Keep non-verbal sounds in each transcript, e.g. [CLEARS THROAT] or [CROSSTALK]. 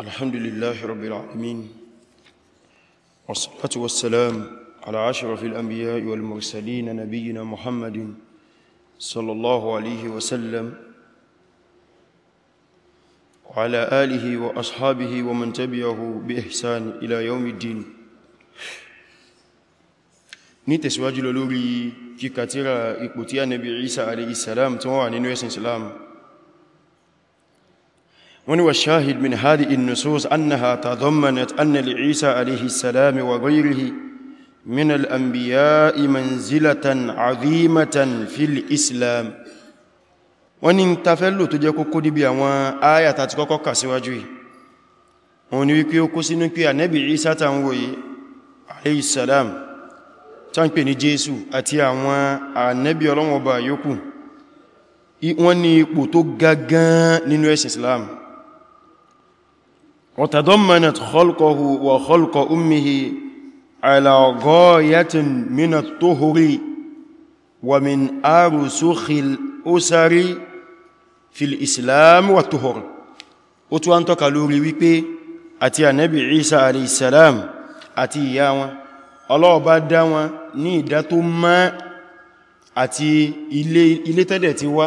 الحمد لله رب العالمين والصلاة والسلام على في الأنبياء والمرسلين نبينا محمد صلى الله عليه وسلم وعلى آله وأصحابه ومن تبعه بإحسان إلى يوم الدين نيتس واجل لوري كي كاتيرا إقبتيا نبي عيسى عليه السلام تواني نويس السلام والشاهد من هذه النصوص أنها تضمنت أن لعيسى عليه السلام وغيره من الأنبياء منزلة عظيمة في الإسلام wọ́n ni tafẹ́lò tó jẹ́ kókó dìbí àwọn ayata ti kọ́kọ́ kà síwájú wọn ni wípé ó kó sínú pé ànẹ́bì Ìsá ta ń wòye aleyhisselam ta ń pè ní Jésù àti àwọn ànẹ́bì ọlọ́wọ̀n ọba yòókù wọ́n ni ipò tó gagan nínú ẹ̀sìn Islam وتضمنت خلقه وخلق أمه على غاية من الطهر ومن أرسخ الأسر في الإسلام والطهر ó tún ń tọ́ka lórí wípé àti ànábì Isa alaihissalam àti ìyá wọn Ọlọ́run bá dá wọn ní ìdá tó mọ́ àti ilé tẹ́dẹ̀ ti wá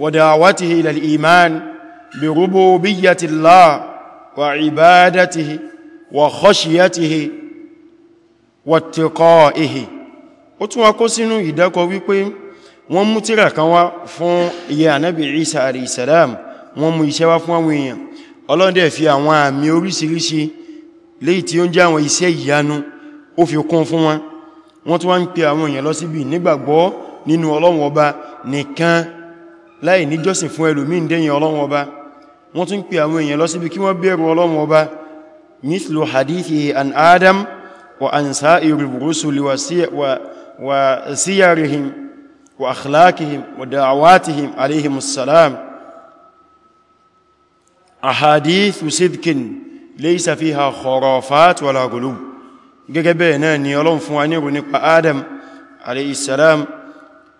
ودعوته إلى الإيمان بربوبية الله وعبادته وخشيته واتقائه ó tún wá kó sínú ìdákọ̀ wípé wọ́n mú tírà kan wá fún ìyá ànábì Isa alayhi salam wọ́n mú iṣẹ́ wá fún àwọn èèyàn Ọlọ́run dẹ̀ fi àwọn àmì oríṣiríṣi léyìí tí ó ń jẹ́ àwọn iṣẹ́ ìyanu fi kún fún wọn wọ́n tún wá ń pe àwọn èèyàn lọ síbi nígbàgbọ́ nínú Ọlọ́run ọba nìkan láì ní jọ́sìn fún ẹlòmín dẹ́yìn ọlọ́run ọba wọ́n tún pè àwọn èèyàn lọ síbi kí wọ́n bẹ̀rù ọlọ́run ọba mislu hadithi an adam wa an sa'iri rusuli wa siyarihim wa akhlaqihim wa da'awatihim alayhim assalam ahadithu sidkin laysa fiha khurafat wala ghulub gẹ́gẹ́ bẹ́ẹ̀ náà ni ọlọ́run fún wa ní ìrò nípa adam alayhi assalam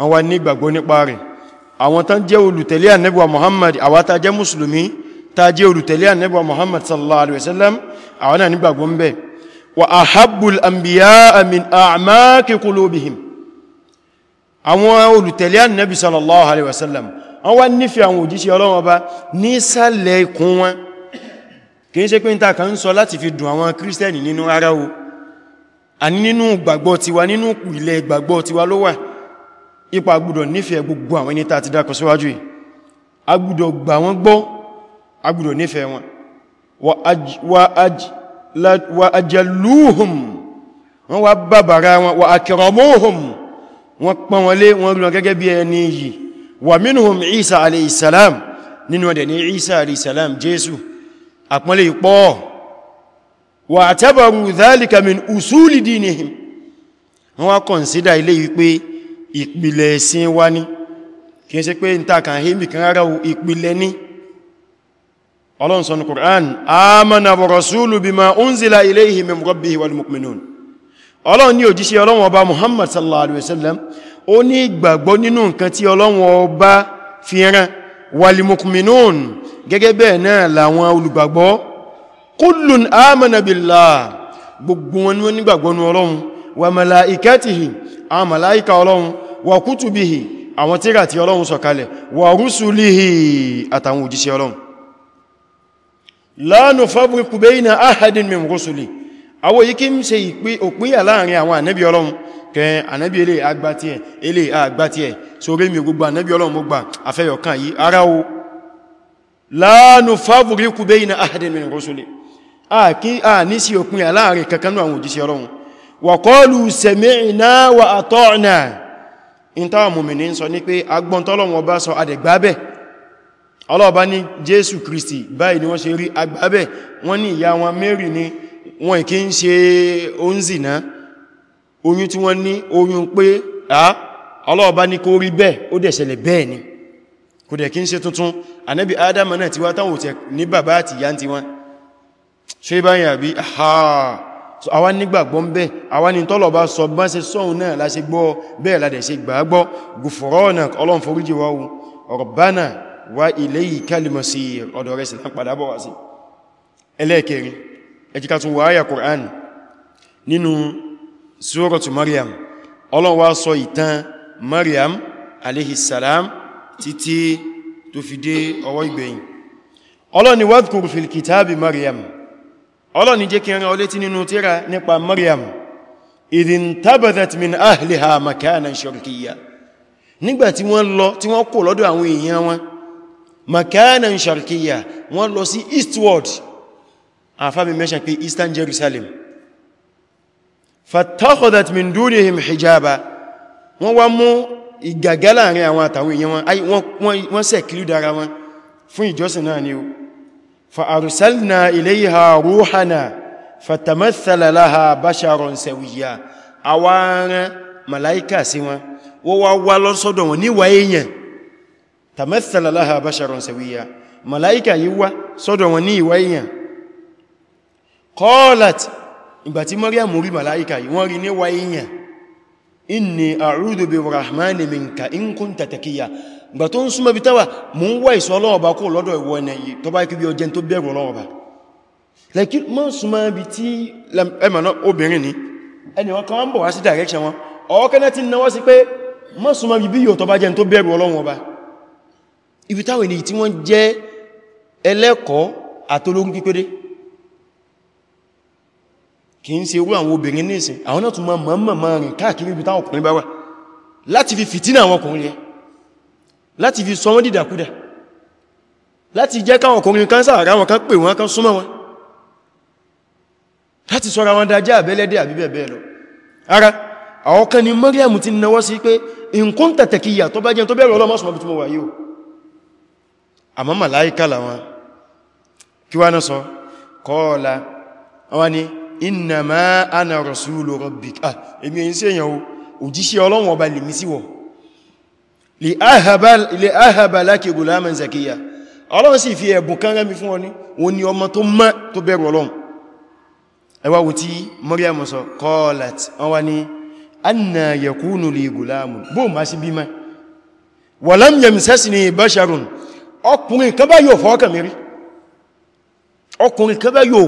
wọ́n wá ní ìgbàgbọ́ nípa rẹ̀ àwọn tán jẹ́ olùtẹ̀lé Ànábì wa Muhammad àwa tá jẹ́ mùsùlùmí tá jẹ́ olùtẹ̀lé Ànábì wa Muhammad sallallahu alaihi wasallam àwọn náà nígbàgbọ́ ń bẹ wa ahabbul anbiya min a'maqi qulubihim àwọn olùtẹ̀lé Ànábì sallallahu alaihi wasallam wọ́n wá nífẹ̀ẹ́ àwọn òjíṣẹ́ Ọlọ́run Ọba ní sàlẹ̀ ikùn wọn kì í ṣe pé níta kan ń sọ láti fi dùn àwọn kírísítẹ́nì nínú ara o àní nínú gbàgbọ́ tiwa nínú ìpìlẹ̀ gbàgbọ́ tiwa ló wà ipa agbúdọ̀ nífẹ̀ẹ́ gbogbo àwọn ẹni tàti dákọ̀ síwájú yìí agbúdọ̀ gbà wọ́n gbọ́ agbúdọ̀ nífẹ̀ẹ́ wọn wa ajaluhum wọ́n wá bàbàrá wọn wa akramuhum wọ́n pọ́n wọn lé wọn lọ gẹ́gẹ́ bí ẹni yìí wa minhum isa aleyhisalam ìpìlẹ̀ ẹ̀sìn wa ní kìí ṣe pé ìtàkàn hìmì kan rárá ìpìlẹ̀ ní ọlọ́nsọ́nù Qur'an amana wa rasulu bima unzila ilayhi min rabbihi wal mu'minun ọlọ́run ní òjíṣẹ́ ọlọ́run ọba Muhammad sallallahu alaihi wasallam ó ní ìgbàgbọ́ wa kutubihi àwọn tírà tí ọlọ́run sọ kalẹ̀ wa rusulihi àtàwọn òjíṣẹ́ ọlọ́run la nufarriqu bayna ahadin min rusuli àwọn yìí kí ń ṣe òpínyà láàrin àwọn ànábì ọlọ́run kẹ ànábì ilé àgbàtí ẹ̀ ilé àgbàtí ẹ̀ sórí mi gbogbo ànábì ọlọ́run mo gbà àfẹ́yọ̀kan yìí ara o la nufarriqu bayna ahadin min rusuli a ní sí òpínyà wa qalu sami'na ìntàwà mùmìnì ń sọ ní pé agbọ́ntọ́lọ́wọ́ bá sọ adẹ̀gbábẹ̀ ọlọ́ọ̀bá ní jésù kristi báyìí ni wọ́n ṣe rí agbábẹ̀ wọ́n ní ìyá wọn mary ni wọ́n ìkí ń ṣe oúnzìná oyún tí wọ́n ní oyún pé a ọlọ́ọ̀bá ní kó rí bẹ́ẹ̀ ó dẹ̀ ṣẹlẹ̀ bẹ́ẹ̀ ni kò dẹ̀ kí ń ṣe tuntun ànábì àwa nígbàgbọ́ ń bẹ́ àwa ní tọ́lọ̀ bá sọ bá ṣe sọ́hun náà láṣe gbọ́ bẹ́ẹ̀ ládẹ̀ ṣe gbàgbọ́ gùfòrọ́nà ọlọ́n foríjì wá wù rabbana wa ilaykal masir ọ̀dọ̀ rẹ̀ sí padà bọ̀ wá sí ẹlẹ́ẹ̀kẹrin ẹjíká tún wáyà Qur'an nínú suratu Maryam ọlọ́n wá sọ ọlọ́ni jẹ́ kí ẹran olétí nínú tíra nípa maryam idhin tabadat min ahliha makanan sharqiyya nígbàtí wọ́n lọ tí wọ́n kò lọ́dọ̀ àwọn èèyàn wọn makanan sharqiyya wọ́n lọ sí eastward àfábi mẹ́ṣà pé eastern jerusalem fatakhadat min dunihim hijaba wọ́n wá mú ìgàgá láàrin àwọn àtàwọn èèyàn wọn wọ́n sẹ̀kìlú dára wọn fún ìjọsìn náà ni o فأرسلنا إليها روحنا فتمثل لها بشرا سويا àwọn màláíkà sí wọn wọ́n wá wá lọ́sọ́dọ̀ wọn níwà èèyàn tàmẹ́sàlá láha basharan sawiyya màláíkà yí wá sọ́dọ̀ wọn ní ìwà èèyàn qalat ìgbà tí Maryam rí yí wọ́n rí níwà èèyàn inni a'udhu bi rahmani minka in kunta taqiya gbà tó ń súnmọ́ bí táwà mú ń wà ìsọ́ ọlọ́ọ̀bá kó lọ́dọ̀ ìwọ ẹni yìí tó bá ikú bí ọjẹ́ tó bẹ̀rù ọlọ́ọ̀bá lẹ́kí mọ́ súnmọ́ bí tí ẹmọ̀nà obìnrin ni ẹni wọn kan bọ̀ wá sí direction wọn ọkẹ́nẹ́ ti náwọ́ sí pé mọ́ súnmọ́ bí yóò tó bá jẹ́ tó bẹ̀rù ọlọ́ọ̀bá ibi táwà ni tí wọ́n jẹ́ ẹlẹ́kọ̀ọ́ àtológún pípéré kì í ṣe irú àwọn obìnrin ní ìsìn àwọn náà tún mọ́ mọ́ mọ́ rìn káàkiri ibi táwọn ọkùnrin bá wà láti fi fìtínà àwọn ọkùnrin yẹn láti fi sọ wọ́n dìdàkúdà láti jẹ́ káwọn ọkùnrin kan sáàrá wọn kan pè wọn kan súnmọ́ wọn láti sọ́ra wọn dájá àbẹ́lẹ́dẹ́ àbí bẹ́ẹ̀ bẹ́ẹ̀ lọ ara àwọn kan ni Maryam ti náwọ́ sí pé nǹkan tàtàkìyà tó bá jẹ́ tó bẹ̀rẹ̀ ọlọ́mọ́sùn ana rasulu rabbik ah èmi ẹ̀yìn sí èyàn òjíṣẹ́ ọlọ́run ọba lèmi li ahaba laki gulaman zakiya ọlọ́run sì fi ẹ̀bùn kan rẹ́mi fún ọni wọn ni ọmọ tó mọ́ tó bẹ̀rù ọlọ́run ẹwà wù tí Maryam sọ qalat wọ́n wá ní anna yakunu li gulamun bó ma sí bí mẹ́ walam yamsasni basharun ọkùnrin kan bá yóò fọwọ́ kàmírí ọkùnrin kan bá yóò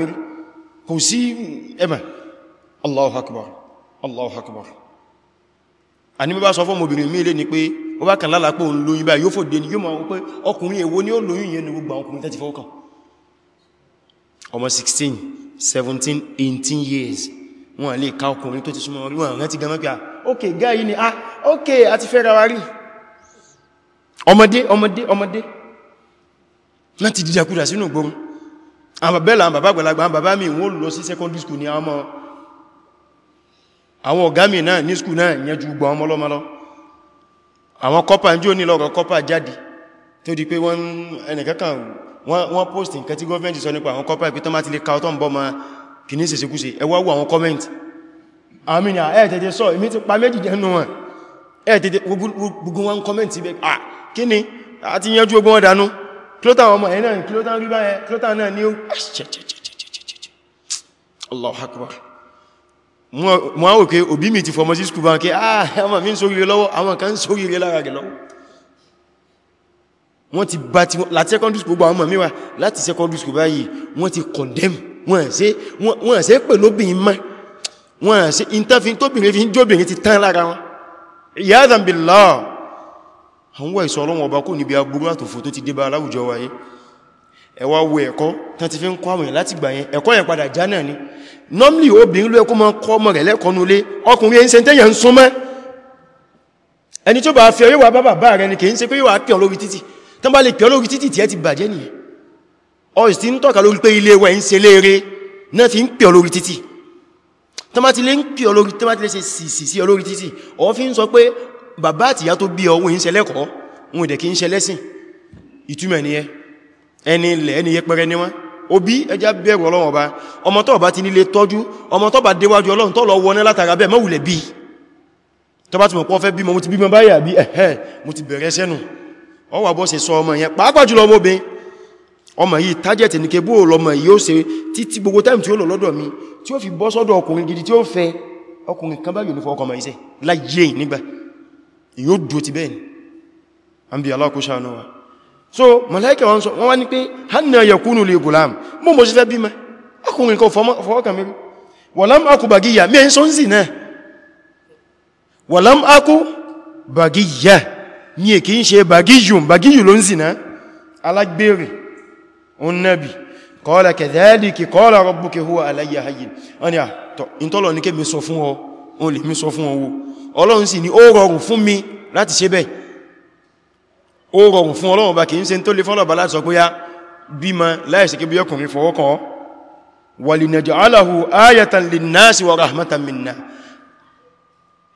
ni Allahu akbar Allahu akbar a ní bá sọ fún obìnrin mílé ni pé ó bá kàn lálàpọ̀ òun lóyún bá yóò fòdé ni yóò máa wọ́n pé ọkùnrin èwo ni ó lóyún yẹn ní gbogbo ọkùnrin tẹ́tí fọ́kàn ọmọ 16 17 18 years wọ́n lè ká ọkùnrin tó ti súnmọ́ rí wọ́n rántí gan mọ́píà ah, ok gáyí ni ah ok a ti fẹ́ ra wa rí ọmọdé ọmọdé ọmọdé láti dìdàkúdà sínú gbọ́n àwọn bàbá àgbàlagbà bàbá mi wọ́n lọ sí secondary school ni àwọn ọmọ àwọn ọ̀gámì náà ní skù náà yẹn ju gbọ́ ọmọ lọ́mọ lọ àwọn kọ́pà jí ó ní lọ́rọ̀ kọ́pà jáde tó di pé wọ́n ẹnìkankan wọ́n post nǹkan tí gọ́ọ̀mẹ́ntì sọ nípa àwọn kọ́pà ìpítọ́ máa ti lè ka ọtọ́ ń bọ́ ma kìíní sèsekúse ẹwà wọ àwọn kọ́mẹ́ntì àmì ni ẹ̀ tètè sọ èmi ti pa méjì jẹ́nu wọn ẹ̀ tètè gbogbo wọn kọ́mẹ́ntì bẹ́ à kí ni a ti yanjú ogun wọn dànù kílótà ọmọ ẹ̀ náà kílótà rí báyẹ kílótà náà ní Allahu Akbar mo á wò pé òbí mi ti fọmọ sí skúl báńkì ah ọmọ mi ń sóríire lọ́wọ́ àwọn kan ń sóríire lára rẹ̀ lọ́wọ́ wọ́n ti bá ti láti secondary school gbogbo àwọn ọmọ mi wá láti secondary school báyìí wọ́n ti condemn wọ́n ṣe pè lóbìnrin mọ́ wọ́n ṣe interfin tóbìnrin fi ń jóbìnrin ti tán lára wọn ìyáàdàn bí lọ́ọ̀ àwọn ìsọ̀rọ̀ wọn ọba kò níbi agbúrú àtòfò tó ti dé bá aláwùjọ wáyé ẹwà wo ẹ̀kọ́ tán ti fi ń kọ́ àwọn èèyàn láti gbà yẹn ẹ̀kọ́ yẹn padà já náà ni normally obìnrin ló ẹkọ́ máa kọ́ ọmọ rẹ̀ lẹ́kọ́ nulé ọkùnrin ẹ̀yìn sẹ́ntẹ́yà ń súnmọ́ ẹni tó bá fi ọyọ́wà bá bàbá rẹ̀ ni kìí ṣe pé yíwa pẹ̀ lórí títì tán bá lè pẹ̀ lórí títì tí ẹ ti bàjẹ́ nìyẹn ọ̀sì tí ń tọ́ka lórí pé ẹni ilẹ̀ ẹni yẹpẹrẹ ni wọ́n òbí ẹjá bẹ̀rù Ọlọ́run ọba ọmọ tó bá ti nílé tọ́jú ọmọ tó bá déwájú Ọlọ́run tó lọ wọná látara bẹ́ẹ̀ mọ́wùlẹ̀ bí tó bá ti mọ̀ pọ́ fẹ́ bímọ mo ti bímọ báyà bí ẹ̀hẹ́ mo ti bẹ̀rẹ̀ sẹ́nu ọwà bọ́ ṣe sọ ọmọ yẹn pàápàá jùlọ ọmọbìn ọmọ yìí tájẹ̀tì ní mi tí ó fi bọ́ sọ́dọ̀ ọkùnrin gidi tí ó fẹ́ ọkùnrin kan báyìí ní fọ́ọkọ̀ mọ̀ iṣẹ́ láyé nígbà yóò dúó ti bẹ́ẹ̀ àbí so màláíkà wọ́n sọ wọ́n wá ní pé hanna yakunu li gulam mo mo ṣe fẹ́ bímọ ọkùnrin kan fọwọ́kàn mẹ́rin walam aku bagiyya mẹ́ sọ ń sì náà walam aku bagiyya ní èkí ń ṣe bagiyun bagiyun ló ń sì náà alágbèrè onnabi qala kadhalika qala rabbuka huwa alayya hayyin wọ́n ni à tọ́ ìntọ́lọ̀ ní kẹ́ mi sọ fún ọ ó rọrùn fún Ọlọ́run bá kìí ṣe tó lè fọ́lọ̀bá láti sọ pé ya bímọ láìsí kí bí ọkùnrin fọwọ́kọ́ walinaj'alahu ayatan linnasi wa rahmatan minna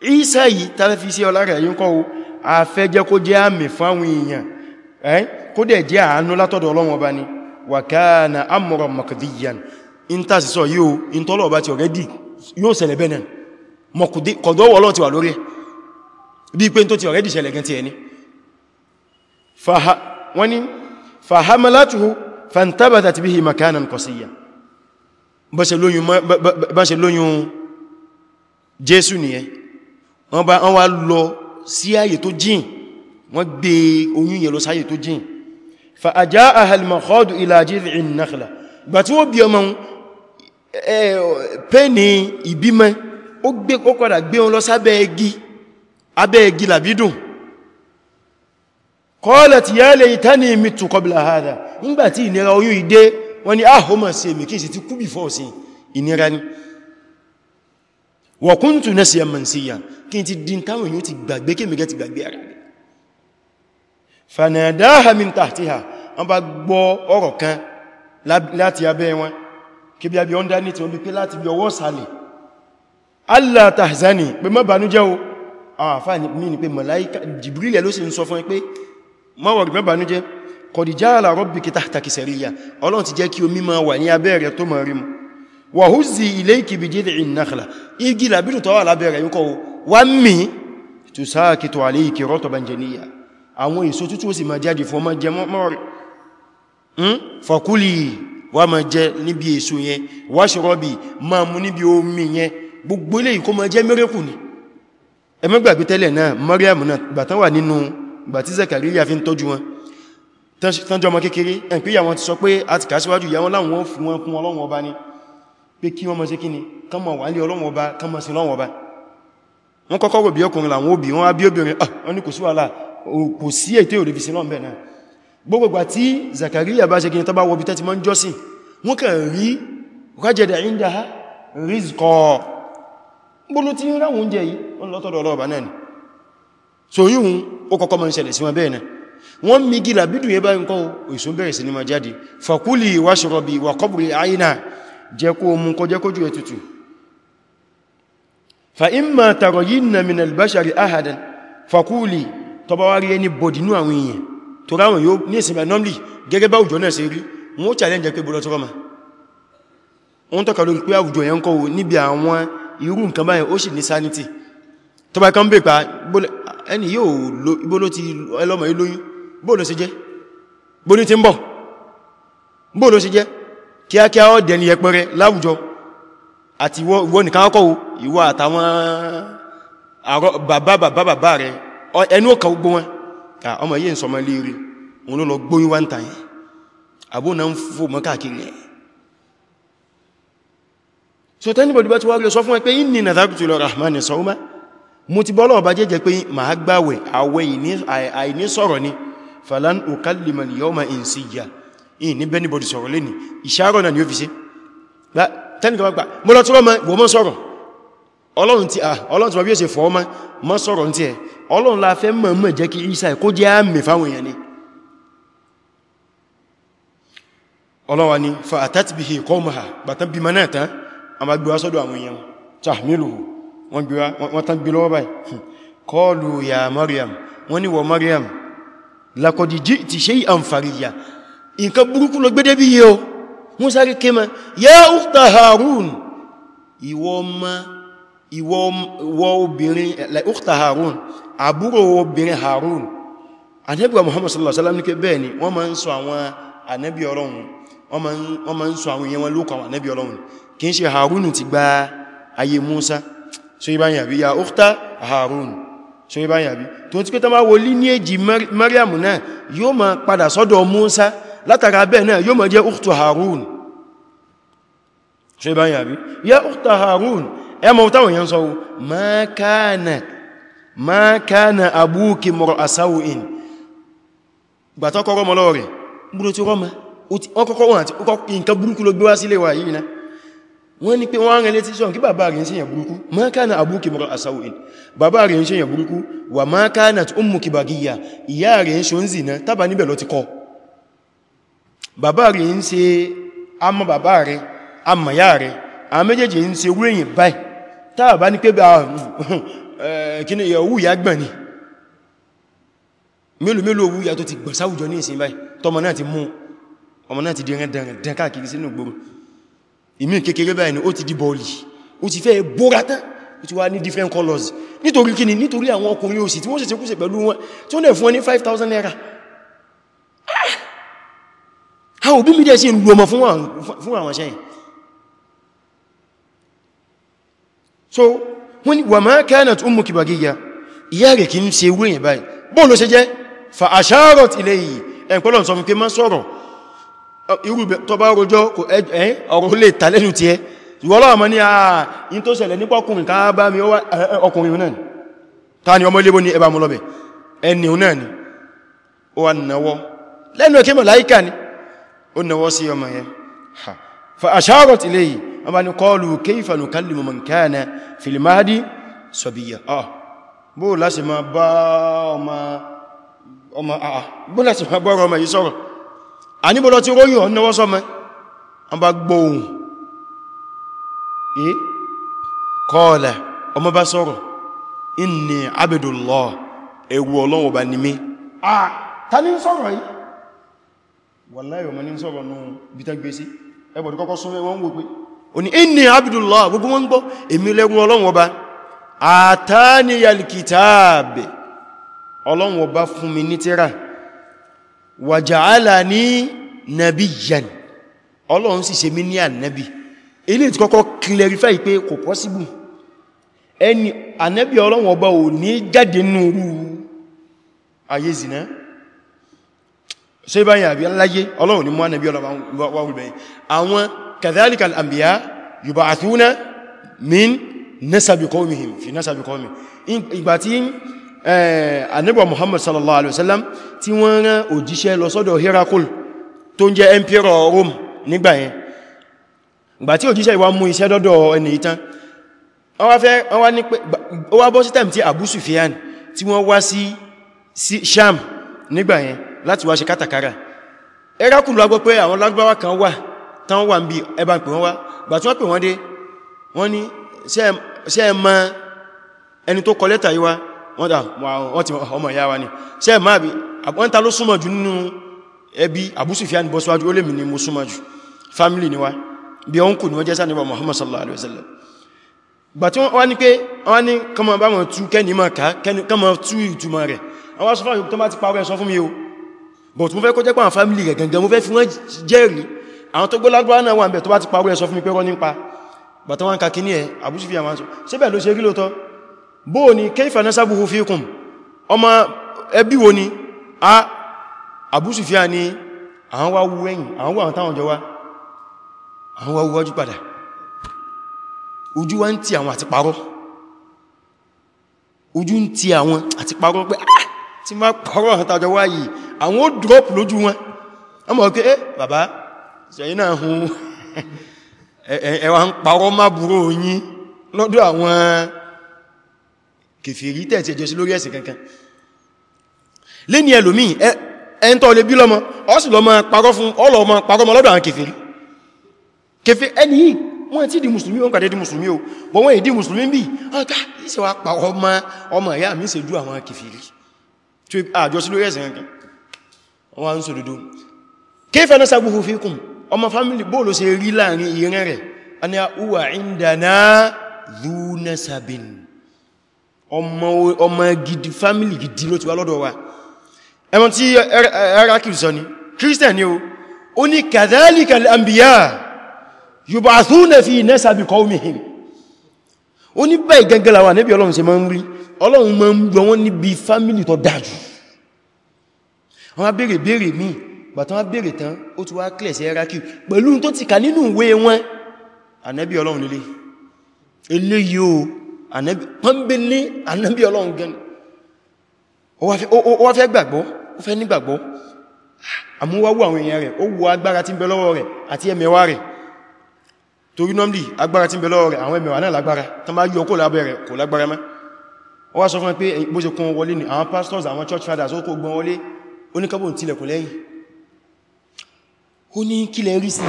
Ìsá yìí tàbí sí ọlára yìí kọ́ a fẹ́ jẹ́ kó jẹ́ àmì fáwọn èèyàn kó dẹ̀ jẹ́ àánú látọ̀dọ̀ Ọlọ́run bá ni wa kana amran maqdiyan intasi sọ yíò intọ́lọ̀ bá wọ́n ni fahamalatuhu fantabatat bihi makanan qasiyya bá ṣe lóyún jésù nìyẹn wọ́n bá wá lọ sí ààyè tó jìn wọ́n gbé oyún yẹn lọ sáyè tó jìn fa ajaaha al-makhadu ila jid'in nakhla gbà tí wọ́n bí ọmọ pẹ́ni ìbímọ ó gbé kọ́kọ́dà gbé wọn lọ sábẹ́ igi abẹ́ igi làbídùn qalat ya laytani mitu qabla hadha nígbàtí ìnira oyún ìdé wọ́n ni ahoma sí èmì kí sì ti kú bí fọ́ọ̀sí ìnira ni wa kuntu nasiyan mansiyan kí ti dín táwọn èèyàn ti gbàgbé kí mẹ́gẹ́ ti gbàgbé ara rẹ̀ fanadaha min tahtiha wọ́n bá gbọ́ ọ̀rọ̀ kan láti mọ́wọ̀rì mẹ́bànú jẹ́ kọ̀dìjáàlà rọ́bì kí tàhtàkì sẹ̀ríyà ọlọ́run ti jẹ́ kí omi máa wà ní abẹ́rẹ̀ tó mọ̀ rí mu wà hú sí ilé ìkìbì jíde ìnáhàlá igi làbínú tọ́wà lábẹ́rẹ̀ yíkọ́ wá mí tó sáàkì tó alé ìkì rọ́tọ̀ banjaniya àwọn èso tútù sì máa jáde fún ọmọ jẹ mọ́rì fọkúlì wà máa jẹ níbi èso tẹ́lẹ̀ náà Maryam náà gbàtán nínú ìgbà tí Zakariya fi ń tọ́jú wọn tánjọ ọmọ kékeré ẹn pé yàwọn ti sọ pé a ti kàṣíwájú yàwọn láwọn fún wọn kún Ọlọ́run ọba ní pé kí wọ́n mọ́ sí kíni kán mọ̀ wà ní Ọlọ́run ọba kán mọ̀ sí Ọlọ́run ọba wọ́n kọ́kọ́ wò bí ọkùnrin làwọn òbí wọ́n á bí obìnrin ah, wọ́n ní kò sí wàhálà kò sí ètò òdìbì sí lọ́nbẹ̀ náà bá ṣe kíni tó bá oúnjẹ yìí wọ́n lọ́tọ̀dọ̀ ọlọ́ọ̀bá náà ni so yíhun ó kọ́kọ́ mọ́ ń ṣẹlẹ̀ sí wọn bẹ́ẹ̀ náà wọ́n migi làbídù yẹ báyìí kọ́ èso bẹ̀rẹ̀ sí ní ma jáde fàkúlì wáṣọ́rọ̀bì wà kọ́bùrì àyínà jẹ́ kó mú kọ jẹ́ kójú ẹ̀tùtù fa imma tàrọ yìí albashari ahadan fàkúlì tọba wárí ẹni bọ̀dínú àwọn èèyàn tó ráwọn yóò ní ìsinmi anọ́mlì gẹ́gẹ́ bá òjò náà sí rí wọ́n challenge pé bọ́lọ́ tọrọ ma wọ́n tọ́ka lórí pé àwùjọ yẹn kọ́ níbi àwọn irú nǹkan kan bèèpa ẹni yóò lo ibo ló ti ẹlọ́mọ̀ yìí lóyún bóò ló ṣe jẹ́ bó ní ti ń bọ̀ bóò ló ṣe jẹ́ kíákíá ó dẹni yẹpẹrẹ láwùjọ àti ìwọ nìkan kọ́ ìwọ àtàwọn bàbá bàbá bàbá rẹ ẹnu ọkà gbogbo wọn so tẹ́nibọ̀dì bá ti wá rí sọ fún ẹ pé inni nadhabtu lir rahmani sawma mo ti bọ́lọ̀ ọba jẹ́jẹ́ pé màá gbàwẹ̀ àwẹ̀ àìní sọ̀rọ̀ ni falan ukallima al-yawma insiyya in ní bẹ́ni bọ́dì sọ̀rọ̀ lé ní ìṣàrọ̀ náà ni ó fi sí tẹ́nìkan gbà mo lọ tọ́rọ wọ́n mọ́ sọ̀rọ̀ ọlọ́run ti wà bí ó ṣe fọ́ ọmọ mọ́ sọ̀rọ̀ tí ẹ ọlọ́run la fẹ́ mọ̀ mọ̀ jẹ́ kí isa kó jẹ́ àmì fáwọn èèyàn ni ọlọ́wà ni fa àtàtìbìhì kọ́ mọ̀ ha bàtán bí mọ́ náà tán a ma gbé wá wọ́n tán gbé lọ́wọ́ báyìí kọlu ya Maryam wọ́n ni wọ Maryam lakọ̀dì jí ti ṣe àǹfàríyà nǹkan burúkú lọ gbédé bí yíò wọ́n sáré kéma ya ukhta Harun ìwọ obìnrin ukhta Harun àbúrò obìnrin Harun anẹ́bíwa Muhammad sallallahu alaihi wasallam ní ké bẹ́ẹ̀ ni wọ́n ma ń sọ àwọn anẹ́bí ọlọ́run wọ́n ma ń sọ àwọn ṣe Harun ti gba ayé Musa so yí báyìí ya ukhta Harun so yí báyìí àbí tó ti pé tó máa wo lineage Maryam náà yóò ma padà sọ́dọ̀ Musa látara bẹ́ẹ̀ náà yóò ma jẹ́ ukhtu Harun so yí báyìí ya ukhta Harun ẹ mọ̀ táwọn yẹn sọ ma kana ma kana abuki mur'a sawin gbàtọ́kọ́ rọmọ lọ́rẹ̀ gbúrò ti rọmọ ọkọ̀kọ́ wọn àti wa yìí wọ́n ní pé wọ́n rẹ̀ létí sọ́n kí bàbá rẹ̀ ń ṣe yàn burúkú ma kana abuki mura asawin bàbá rẹ̀ ń ṣe yàn burúkú wa ma kanat ummuki bagiya ìyá rẹ̀ ń ṣe ń zìnà tàbà níbẹ̀ lọ ti kọ́ bàbá rẹ̀ ń ṣe àmọ́ bàbá rẹ̀ àmọ́ yá rẹ̀ a méjèèjì ń ṣe wéyìn báyìí tàbà ní pé kí ni ìyàwó ìyá gbọ̀n ni mélòó mélòó owó ìyá tó ọmọ náà ti di rẹ̀ dẹ̀rẹ̀ sínú gbogbo ìmí kékeré báyìí ó ti di bọ́ọ̀lì ó ti fẹ́ bóra ó ti wá ní different colors nítorí kíni nítorí àwọn ọkùnrin òsì tí wọ́n ṣe ṣekúṣe pẹ̀lú wọn tí ó lè fún wọn ní 5,000 naira ah! àwọn òbí mídíẹ̀ sí ìlú fún àwọn ṣẹ́yìn so wọ́n ni wà máa kanat ummuki baghiya ìyá rẹ̀ kì í ṣe wéyìn báyìí bọ́ọ̀lù ṣe jẹ́ fa asharat ilayhi ẹ̀pọ̀lọ̀ sọ fún pé má sọ̀rọ̀ Uh, irú tó bá rojọ́ kò ẹ́ ọ̀rọ̀ lè tà lẹ́nu tí ẹ ìwọ́lọ́ ọmọ ní àà ah, in tó ṣẹlẹ̀ nípa ọkùnrin ká bá mi ọkùnrin náà ni ta ni ọmọ ilébó ní ẹbà mú lọ́bẹ̀ ẹni ò náà ni ó wà náwọ́ lẹ́nu ẹkẹ́ mọ̀láíkà ni ó náwọ́ sí ọmọ yẹn fa asharat ilayhi ọmọ ni qalu kayfa a níbọ̀lọ́ ti róyìn ọ̀nà wọ́n sọ́mọ́ a bá gbọ́ ohùn yí kọ́ọ̀lá ọmọ bá sọ́rọ̀ inni abdullah ẹwù ọlọ́wọ̀ bá ní mí à ta ní sọ́rọ̀ yìí wallahi ọmọ ní sọ́rọ̀ nù bítagbèsí ẹgbọ̀dù kọ́kọ́ súnmẹ́ wọ́n wò o ní inni abdullah gbogbo wọn gbọ́ èmi lẹ́gùn ọlọ́wọ̀ bá àtàníyàl kìtàbì ọlọ́wọ̀ bá fún mi ní wàjàálàní nàbíyàn ọlọ́run sì ṣe mí ní ànábì ilé tí kọ́kọ́ clarify pé kò possible ẹni ànábì ọlọ́run ọba ò ní jáde nínú ayé zina ṣe báyìí àbí aláyé ọlọ́run ni mú ànábì ọlọ́run àwọn Eh, ànábì Muhammad sallallahu alaihi wasallam tí wọ́n rán òjíṣẹ́ lọ sọ́dọ̀ Herakul tó ń jẹ́ emperor Rome nígbà yẹn gbà tí òjíṣẹ́ ìwà mú iṣẹ́ dọ́dọ̀ ẹni ìtàn ó wá bọ́ sí tàbí tí Abu Sufyan tí wọ́n wá sí Sham nígbà yẹn láti wá ṣe kátàkárà Herakul ló gbọ́ pé àwọn lágbáwá kan wà tán wà ń bí ẹbá pè wọ́n wá gbà tí wọ́n pè wọ́n dé wọ́n ní ṣé ẹ mọ̀ ẹni tó kọ lẹ́tà yìí wọ́n dà wọ́n ti ọmọ ìyá wa ni ṣe máa bí wọ́n ta ló súnmọ̀ jù nínú ẹbí Abu Sufyan bọ́ síwájú ó lè mi ní mo súnmọ̀ jù family ni wá bí ọun kò ní wọ́n jẹ́ sáà níbà Muhammad sallallahu alaihi wasallam gbà tí wọ́n ní pé wọ́n ní kọmọ bá wọn tú kẹ́ni máa ká kọmọ tú ìtumọ̀ rẹ̀ àwọn sọ fún tó bá ti parọ́ ẹ̀sọ fún mi o but mo fẹ́ kó jẹ́ pé àwọn family rẹ̀ gangan mo fẹ́ fi wọ́n jẹ́rìí àwọn tó gbọ́lágbọ́ náà bó ní kayfa nasabuhu fikum ọmọ ẹbí wo ni a Abu Sufyan ni àwọn wá wú ẹ̀yìn àwọn wá táwọn jọ wá àwọn wá wú wájú padà ojú wá ń ti àwọn àti parọ́ ojú ń ti àwọn àti parọ́ pé ah tí má parọ́ àwọn tàjọ wá yìí àwọn ó drop lójú wọn ọmọ ọkẹ́ eh bàbá ṣẹ̀yìn náà hun [LAUGHS] ẹwà ń parọ́ má burú yín lọ́dọ̀ àwọn kèfèrí tẹ̀ẹ̀tì ẹjọ́ sí lórí ẹ̀sìn kankan lé ní ẹlòmí ẹn tó lè bí lọ́mọ ọ sì lọ́mọ parọ́ fún ọlọ́mọ parọ́ mọ́ lọ́dọ̀ àwọn kèfèrí kèfè ẹni yìí wọ́n ti di mùsùlùmí wọ́n kàdé di mùsùlùmí o bọ́ wọ́n ìdí mùsùlùmí bí ọkà ìṣẹ́ wa parọ́ ma ọmọ ìyá mi ṣe jú àwọn kèfèrí tí àjọ sí lórí ẹ̀sìn kankan wọ́n ń sòdodo kéfẹ́ náà sagbóhù fíkùn ọmọ fámílì bóòlù ṣe rí láàrin ìrìn rẹ̀ a ni a uwa indana dhunasabin ọmọ gidi family gidi ló ti wá lọ́dọ̀ wa ẹmọ tí arákìlì sọ ni christian ni o ó ní kadhalika al-anbiya yub'athuna fi nasabi qawmihim ó ní báyìí gangan àwọn ànábì ọlọ́run ṣe máa ń rí ọlọ́run máa ń gbọ́ family tó dájú wọ́n bèèrè bèèrè mí bàtán wọ́n bèèrè tán ó ti wá kílẹ̀ sí arákìlì pẹ̀lú tó ti kà nínú ìwé wọn ànábì ọlọ́run pọ́nbélé ànábí ọlọ́run gan ó wá fẹ́ gbàgbọ́ ó fẹ́ nígbàgbọ́ àmúwáwú àwọn èèyàn rẹ̀ ó wo agbára tí ń bẹ lọ́wọ́ rẹ̀ àti ẹmẹ̀wà rẹ̀ torí nọ́mdì agbára tí ń bẹ lọ́wọ́ rẹ̀ àwọn ẹmẹ̀wà náà lágbára tán bá yọ kó lábẹ́ ni àwọn pastors church fathers ó kó gbọ́n wọlé ó ní kábò tilẹ̀kùn lẹ́yìn ó ní kílẹ̀ rí sí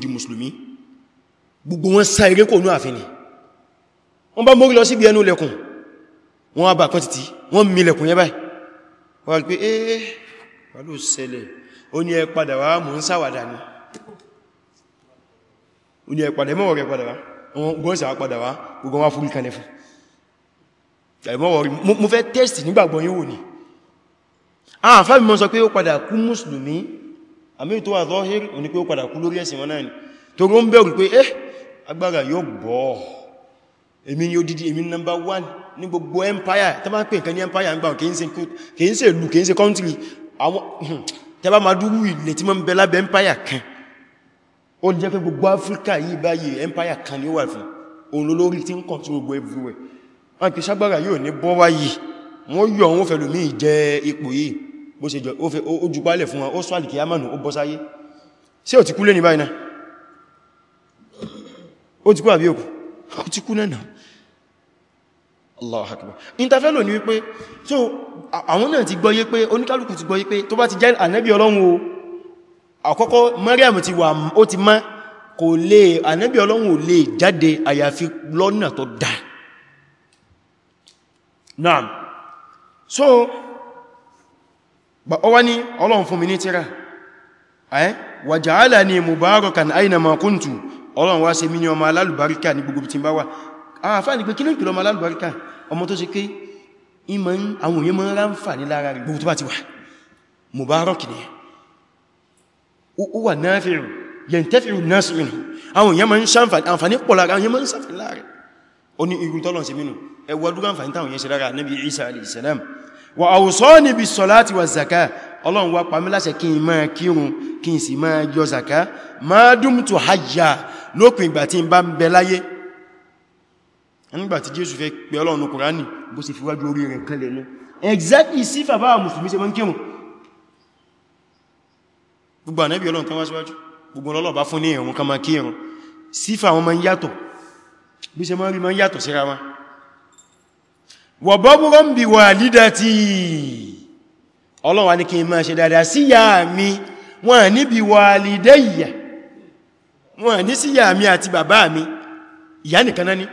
di mùsùlùmí gbogbo wọn sá eré kò ní àfihàn wọ́n bá mórí lọ sí ibi ẹnu lẹ́kùn wọ́n àbà kan títí wọ́n mi lẹ́kùn yẹ báyìí wọ́n pé eh, eh, eh wà ló ṣẹlẹ̀ ó ní ẹ padà wá mò ń ṣàwàdà ni ó ní ẹ padà mọ́wọ̀ rẹ̀ padà wá wọ́n gọ́ọ̀sà padà wá gbogbo wá fún ìkànlẹ̀ fún mo fẹ́ tẹ́sì nígbàgbọ́ yíwò ni àfáà mi mọ́ sọ pé ó padà kú mùsùlùmí àmì tó wà zọ́hírí òní pé ó padà kú lórí ẹ̀sìn wọn náà ni tó rọ́ ń bẹ̀rù pé eh agbára yóò gbọ́ọ̀ èmi ni odidi èmi number one ní gbogbo empire tẹ́ bá pè nǹkan ní empire ń gbà kìí ṣe ìlú kìí ṣe country àwọn tẹ́ [CLEARS THROAT] bá máa dúrú ilẹ̀ tí mọ́ ń bẹ empire kan ó jẹ́ pé gbogbo Africa yìí báyìí empire kan ni ó wà fún òun lólórí tí ń control gbogbo everywhere wọn kì í ṣágbára yóò ní bọ́ wáyìí wọ́n yọ òun fẹ̀lú míì jẹ ipò yìí bó ṣe jọ ó jù pálẹ̀ fún wọn ó sọ àlìkìyàmánu ó bọ́ sáyé ò ti kú lé báyìí náà ó ti kú àbí òkú ó ti kú náà Allah Akbar interfell ní wípé so àwọn náà ti gbọ́yé pé oníkálùkù ti gbọ́yé pé tó bá ti jẹ́ ànábì Ọlọ́run o àkọ́kọ́ Maryam ti wà ó ti mọ́ kò lè ànábì Ọlọ́run ò lè jáde àyàfi lọ́nà tó dá naam so ba ọwá ní Ọlọ́run fún mi ní tírà ẹ́ wa ja'alani mubarakan aynama kuntu Ọlọ́run wá ṣe mí ní ọmọ alálùbáríkà ní gbogbo ọmọ tó ṣe pé àwọn òye mọ́ ránfà ní lára rẹ̀ gbogbo tó bá ti wà mubarak ni ó wà nafi'u yantafi'u an-nas minhu àwọn òye mọ́ ń sàǹfàní pọ̀ lára òye mọ́ ń sàǹfàní lára ó ní irú tọ́lọ̀ sí mínú ẹwà dúgbàǹfàní táwọn yẹn ṣe lára nabi Isa alayhi salam nígbàtí jésù fẹ́ pẹ ọlọ́run kùránì bó ṣe fiwájú orí rẹ̀ kan lẹ́nu exactly sí fàbá mùsùlùmí ṣe mọ́ ń kírùn gbogbo ànẹ́bí ọlọ́run tán wá síwájú gbogbo ọlọ́run bá fún ní ìrun kan máa kírùn sífà wọn máa ń yàtọ̀ bí ṣe máa rí máa ń yàtọ̀ síra wọn wọ̀ bọ́búrọ́ ìyá nìkan náà ni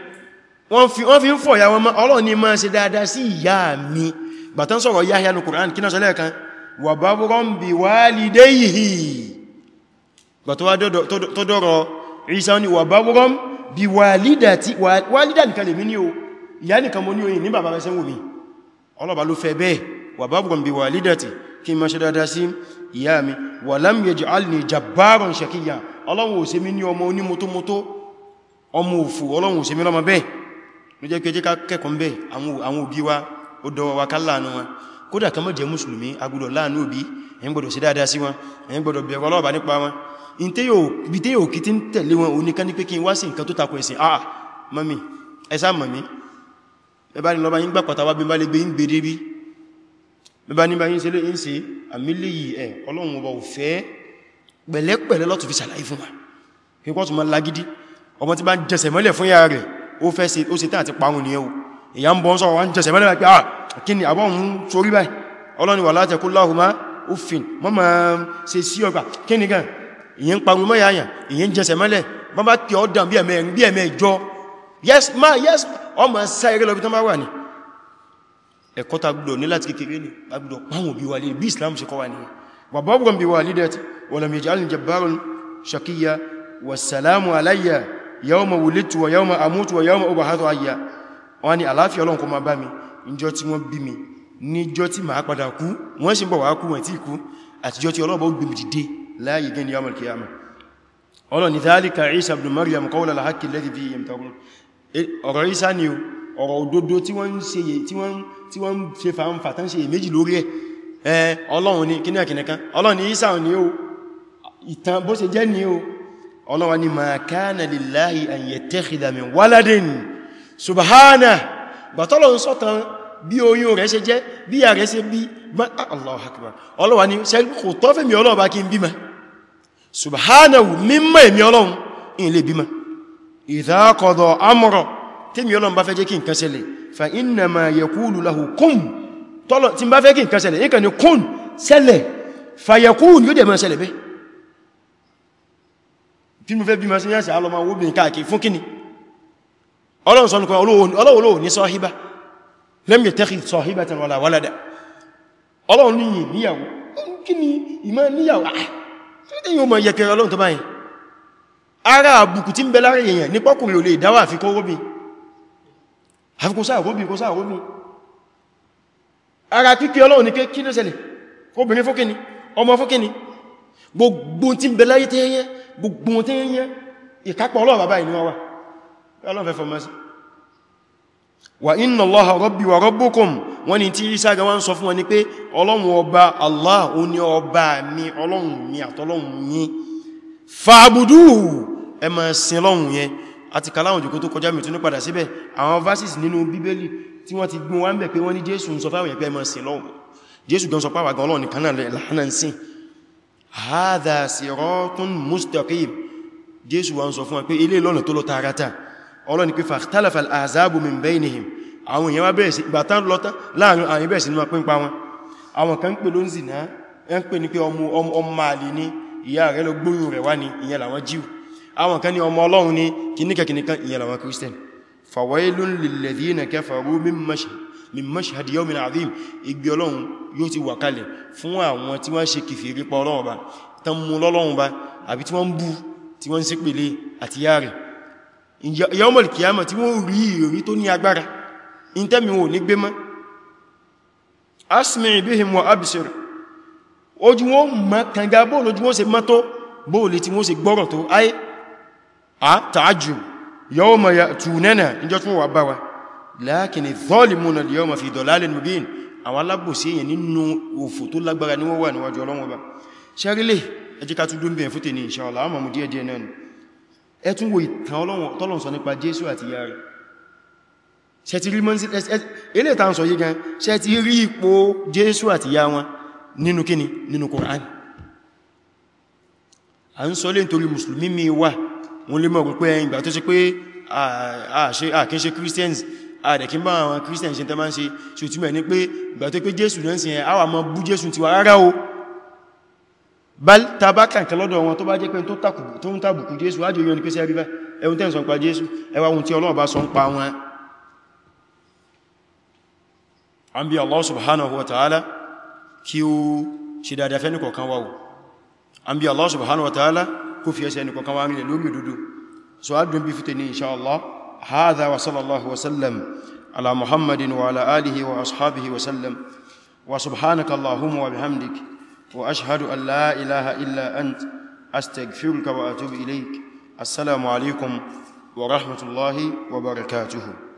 wọ́n fi wọ́n fi ń fọ̀yà wọn Ọlọ́run ni máa ṣe dáadáa sí ìyá mi bàtán sọ̀rọ̀ yá yánu Kùránì kí náà sọlẹ̀ kan wà bá bọ́rọ̀ bí wálidayhi bàtọ́wà tó dọ́rọ̀ Ìsá ni wà bá bọ́rọ̀ bí wálidàtí wálidà nìkan lè mí ní o ìyá nìkan mo ní oyin lam yaj'alni jabbaran shakiyya Ọlọ́run ò ṣe mí ní ọmọ onímọ́tómọ́tó ọmọ òfò Ọlọ́run ò ṣe mí lọ́mọ bẹ́ẹ̀ ló jẹ́ pé jẹ́ ká kẹ́kọ̀ọ́ bẹ́ àwọn òbí wa ó dọwọ́ wa ká láàánú wọn kódà kan mọ́ jẹ́ mùsùlùmí agbọ́dọ̀ láàánú òbí ẹ̀yin gbọ́dọ̀ sí dáadáa sí wọn ẹ̀yin gbọ́dọ̀ bẹ̀rọ ọlọ́ọ̀bá nípa wọn ibi tí yóò kí tí ń tẹ̀lé wọn oníkan ní pé kí n wá sí nǹkan tó tako ẹ̀sìn àà mọ́mí ẹ̀sá mọ̀mí ẹbá ni ọmọ tí bá ń jẹsẹ̀ mọ́lẹ̀ fún yára rẹ̀ ó fẹ́ ṣe ó ṣe tán àti parun nìyẹn o ìyà ń bọ́ sọ́rọ̀ wọ́n jẹsẹ̀ mẹ́lẹ̀ pé ah kí ni àbọ́ òun sórí báyìí ọlọ́ni wà látẹ̀kú láhùmá ó fin mọ́ ma ṣe sí ọgbà kí ni gan ìyẹn ń parun mọ́ya àyàn ìyẹn ń jẹsẹ̀ mẹ́lẹ̀ bọ́n bá kí ọdàn bí ẹ̀mẹ́ bí ẹ̀mẹ́ wà ní ẹ̀kọ́ ta gbọ́dọ̀ ní láti ṣakíyà wàsàlámù aláyà yawma wulitu wa yawma amutu wa yawma ubahathu hayya wọ́n ní àlàáfíà Ọlọ́run kó máa bá mi níjọ́ tí wọ́n bí mi níjọ́ tí màá padà kú wọ́n sì ń bọ̀ wá kú wọ́n tí kú àtijọ́ tí ni yawmal qiyamah Ọlọ́run ní dhalika Isa ibn Maryam qawla e, Isa ni o ọ̀rọ̀ òdodo tí wọ́n ń ṣe tí wọ́n tí wọ́n ṣe fàánfà tán ṣe èméjì lórí ẹ̀ Isa ni o ìtàn bó ṣe jẹ́ ni o ọlọ́wà ní ma kana lillahi an yattakhidha min waladin subhana bàtọ́lọ̀ ń sọ́tàn bí oyún rẹ̀ ṣe jẹ́ bí i rẹ̀ ṣe bí ah, Allahu akbar ọlọ́wà ní ṣe kò tọ́ fẹ́ mi ọlọ́wà kí n bímọ subhanahu mímọ̀ èmi ọlọ́run in lè bímọ idha qada amra tí mi ọlọ́run bá yóò dẹ̀ mọ́ ṣẹlẹ̀ bẹ́ẹ̀ tí mo fẹ́ bí masu yẹ́sì alọ́mọ obìnrin káàkiri fún kíni ọlọ́run sọ nìkan ọlọ́wọ́lọ́wọ́ ní sọ́híbá lẹ́m yattakhidh sahibatan wala walada ọlọ́run ní yìí níyàwó kíni ìmá ah, níyàwó ẹ̀yìn ọmọ yẹkẹrẹ ọlọ́run tó báyìí ara àbùkù tí ń bẹ lára èèyàn ní pọ́kùnrin ò lè dáwà àfikọ́ róbin àfikọ́ sáà róbin kó sáà róbin ara kíkẹ́ ọlọ́run ní kí ló ṣẹlẹ̀ obìnrin fókíní ọmọ fókíní gbogbo tí ń bẹ tẹ́yẹn gbogbo tí ń yẹ ìkápọ̀ ọlọ́run bàbá ìní wọ́wà ọlọ́run fẹ́ fọmọ́ sí wa inna Allaha rabbi wa rabbukum wọ́n ni tí Isa ga wọ́n sọ fún wọn ni pé ọlọ́run ọba Allah ó ní ọba mi ọlọ́run mi àtọlọ́run mi fa'buduhu ẹ ma sin ọlọ́run yẹn àti kàláwọn jùkú tó kọjá mi tún ní padà síbẹ̀ àwọn verses nínú bíbélì tí wọ́n ti gbọ́n wá ń bẹ̀ pé wọ́n ní Jésù ń sọ fáwọn yẹn pé ẹ ma Jésù gan sọ pàwàgán ọlọ́run nìkan náà lẹ́hánà hadha siratun mustaqim jésù wa ń sọ fún wa pé ilé lọ́nà tó lọ tààràtà ọlọ́ni pé fakhtalafa al-ahzabu min baynihim àwọn èèyàn wá bẹ̀rẹ̀ sí ìgbàtà lọ́tà láàrin àwọn ìbẹ̀rẹ̀ sí ní ma pín pa wọn àwọn kan ń pè ló ń zìnà ń pè ní pé ọmọ àlè ní ìyá rẹ̀ lọ min mashhad yawmin azim igbe ọlọ́run yóò ti wà kalẹ̀ fún àwọn tí wọ́n ṣe kìfèrí pa ọlọ́run ba tán mú lọ́lọ́run ba àbí tí wọ́n bú tí wọ́n sí pèlé àti yáre yawmal kiyama tí wọ́n rí ìrí tó ní agbára in tẹ́mi wò ní gbé a ta'ajjub yawma ya'tunana ìjọ tún wà bá wa lakin adh-dhalimuna al-yawma fi dalalin mubin àwọn alábòsí èyàn nínú òfò tó lágbára ni wọ́n wà níwájú Ọlọ́run Ọba ṣẹ́rílẹ̀ ẹjíká tún dúnbẹ̀ fún tèní insha Allah àmàmù díẹ̀díẹ̀ náà ẹ tún wo ìtàn Ọlọ́run sọ nípa Jésù àti ìyá rẹ̀ ṣe ti rí mọ́sí ilé ìtàn sọ yí gan ṣe àdẹ̀kí bá àwọn christian ṣe tẹ́mà ń ṣe ṣe túnmẹ̀ ní pé ìgbà tó pé jésù náà sí ẹ̀ àwa máa bú jésù ti wà rárá o bá tàbá kàǹkà lọ́dọ̀ wọn tó bá jẹ́ pé tó ń tàbùkù jésù ájò yọ ní pé sẹ́rí bá ẹun allah subhanahu wa ta'ala kí ó ṣe dáadáa fẹ́ nìkọ̀kan wáwò allah subhanahu wa ta'ala kó fi ẹsẹ̀ nìkọ̀kan wá rí lórí dúdú so adùn bí fìtẹ̀ allah هذا وصلى الله وسلم على محمد وعلى آله وأصحابه وسلم وسبحانك اللهم وبحمدك وأشهد أن لا إله إلا أنت أستغفرك وأتوب إليك السلام عليكم ورحمة الله وبركاته